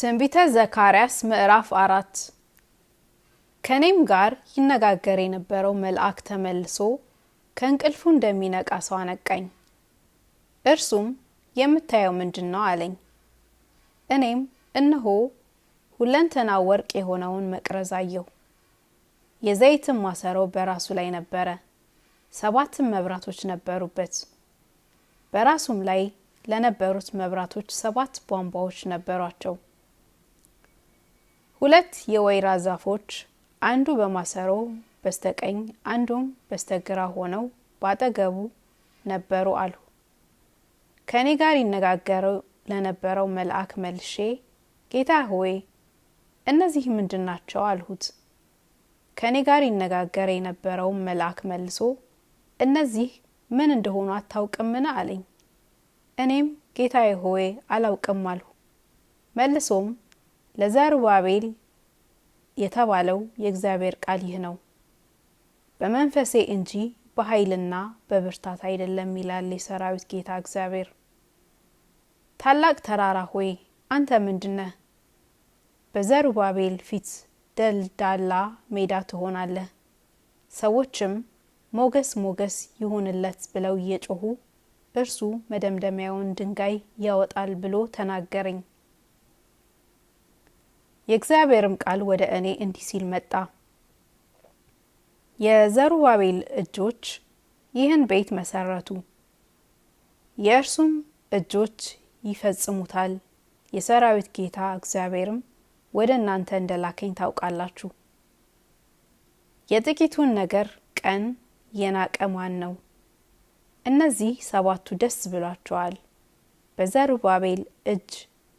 ትንቢተ ዘካርያስ ምዕራፍ አራት ከእኔም ጋር ይነጋገር የነበረው መልአክ ተመልሶ ከእንቅልፉ እንደሚነቃ ሰው አነቃኝ። እርሱም የምታየው ምንድን ነው አለኝ። እኔም እነሆ ሁለንተና ወርቅ የሆነውን መቅረዝ አየሁ። የዘይትም ማሰሮው በራሱ ላይ ነበረ፣ ሰባትም መብራቶች ነበሩበት። በራሱም ላይ ለነበሩት መብራቶች ሰባት ቧንቧዎች ነበሯቸው። ሁለት የወይራ ዛፎች አንዱ በማሰሮ በስተቀኝ አንዱም በስተግራ ሆነው ባጠገቡ ነበሩ አልሁ። ከእኔ ጋር ይነጋገረው ለነበረው መልአክ መልሼ ጌታ ሆይ እነዚህ ምንድን ናቸው አልሁት። ከእኔ ጋር ይነጋገር የነበረው መልአክ መልሶ እነዚህ ምን እንደሆኑ አታውቅምን አለኝ። እኔም ጌታዬ ሆይ አላውቅም አልሁ። መልሶም ለዘሩባቤል የተባለው የእግዚአብሔር ቃል ይህ ነው። በመንፈሴ እንጂ በኃይልና በብርታት አይደለም ይላል የሰራዊት ጌታ እግዚአብሔር። ታላቅ ተራራ ሆይ አንተ ምንድነህ? በዘሩባቤል ፊት ደልዳላ ሜዳ ትሆናለህ። ሰዎችም ሞገስ ሞገስ ይሁንለት ብለው እየጮሁ እርሱ መደምደሚያውን ድንጋይ ያወጣል ብሎ ተናገረኝ። የእግዚአብሔርም ቃል ወደ እኔ እንዲህ ሲል መጣ። የዘሩባቤል እጆች ይህን ቤት መሰረቱ፣ የእርሱም እጆች ይፈጽሙታል። የሰራዊት ጌታ እግዚአብሔርም ወደ እናንተ እንደላከኝ ታውቃላችሁ። የጥቂቱን ነገር ቀን የናቀ ማን ነው? እነዚህ ሰባቱ ደስ ብሏቸዋል። በዘሩባቤል እጅ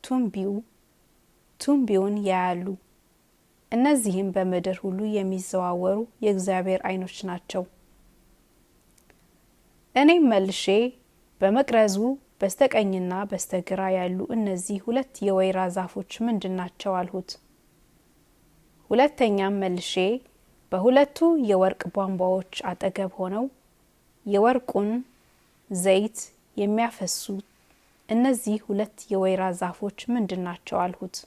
ቱንቢው ቢሆን ያያሉ። እነዚህም በምድር ሁሉ የሚዘዋወሩ የእግዚአብሔር አይኖች ናቸው። እኔም መልሼ በመቅረዙ በስተቀኝና በስተግራ ያሉ እነዚህ ሁለት የወይራ ዛፎች ምንድን ናቸው አልሁት። ሁለተኛም መልሼ በሁለቱ የወርቅ ቧንቧዎች አጠገብ ሆነው የወርቁን ዘይት የሚያፈሱ እነዚህ ሁለት የወይራ ዛፎች ምንድን ናቸው አልሁት።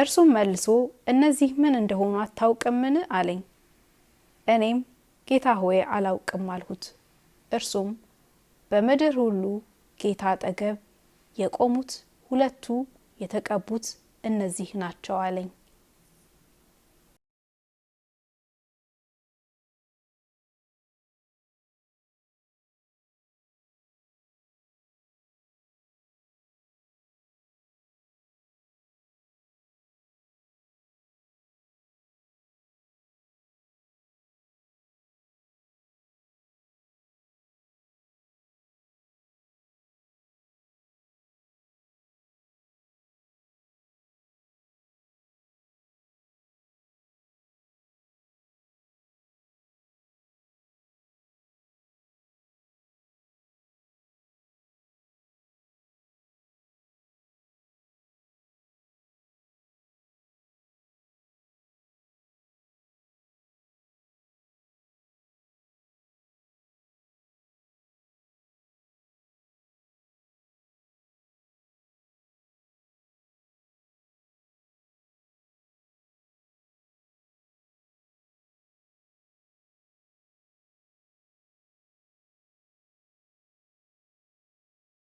እርሱም መልሶ እነዚህ ምን እንደሆኑ አታውቅምን አለኝ። እኔም ጌታ ሆይ አላውቅም አልሁት። እርሱም በምድር ሁሉ ጌታ አጠገብ የቆሙት ሁለቱ የተቀቡት እነዚህ ናቸው አለኝ።